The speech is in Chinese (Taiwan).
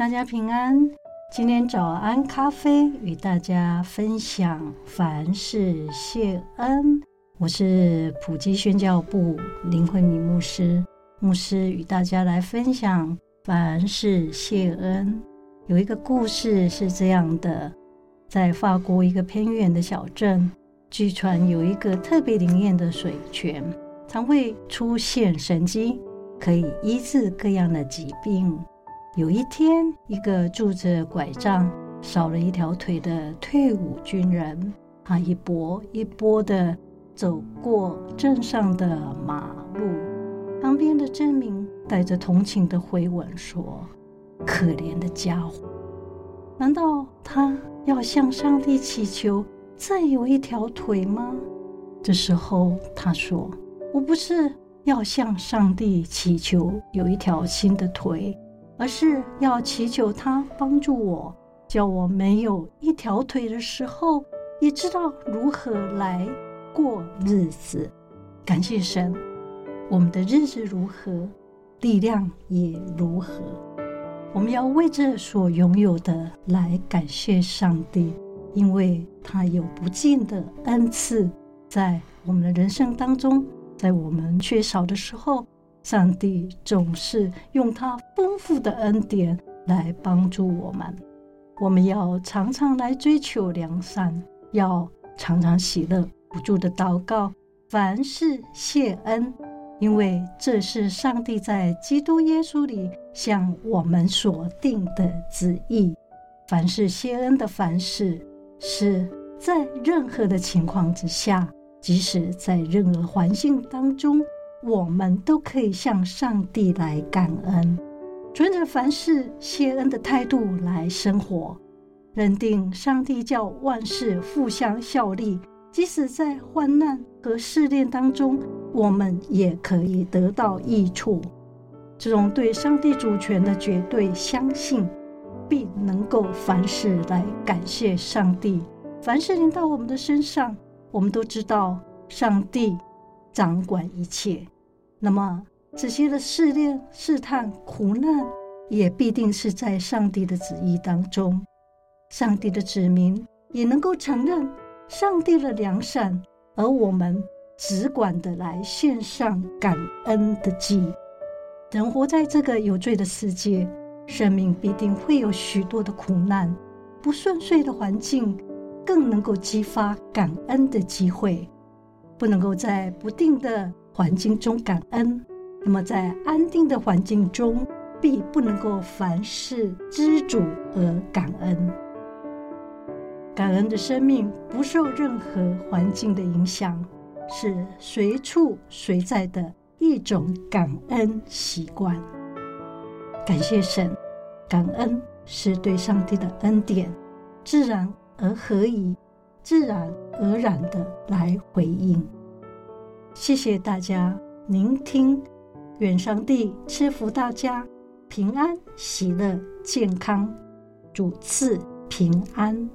大家平安，今天早安咖啡與大家分享“凡事謝恩”。我是埔基宣教部林惠敏牧師，牧師與大家來分享“凡事謝恩”。有一個故事是這樣的：在法國一個偏遠的小鎮，據傳有一個特別靈驗的水泉，常會出現神蹟，可以醫治各樣的疾病。有一天，一個拄着拐杖、少了一條腿的退伍軍人，他一跛一跛地走過鎮上的馬路，旁邊的鎮民帶着同情的口吻說：“可憐的傢伙，難道他要向上帝祈求再有一條腿嗎？”這時候他說：“我不是要向上帝祈求有一條新的腿。”而是要祈求他幫助我，叫我沒有一條腿的時候，也知道如何來過日子。感謝神，我們的日子如何，力量也如何。我們要為這所擁有的來感謝上帝，因為他有不盡的恩賜，在我們的人生當中，在我們缺少的時候。上帝總是用他豐富的恩典來幫助我們，我們要常常來追求良善，要常常喜樂，不住的禱告，凡事謝恩，因為這是上帝在基督耶穌裡向我們所定的旨意。凡事謝恩的凡事，是在任何的情況之下，即使在任何環境當中。我們都可以向上帝來感恩，存着凡事謝恩的態度來生活，認定上帝叫萬事互相效力。即使在患難和試煉當中，我們也可以得到益處。這種對上帝主權的絕對相信，必能夠凡事來感謝上帝。凡事臨到我們的身上，我們都知道上帝，掌管一切，那麼這些的試煉、試探、苦難，也必定是在上帝的旨意當中。上帝的子民也能夠承認上帝的良善，而我們只管得來獻上感恩的祭。人活在這個有罪的世界，生命必定會有許多的苦難、不順遂的環境，更能夠激發感恩的機會。不能夠在不定的環境中感恩，那麼在安定的環境中，必不能夠凡事知足而感恩。感恩的生命不受任何環境的影響，是隨處隨在的一種感恩習慣。感謝神，感恩是對上帝的恩典，自然而合宜，自然。愕然的來回應，謝謝大家聆聽，願上帝賜福大家平安、喜樂、健康，主賜平安。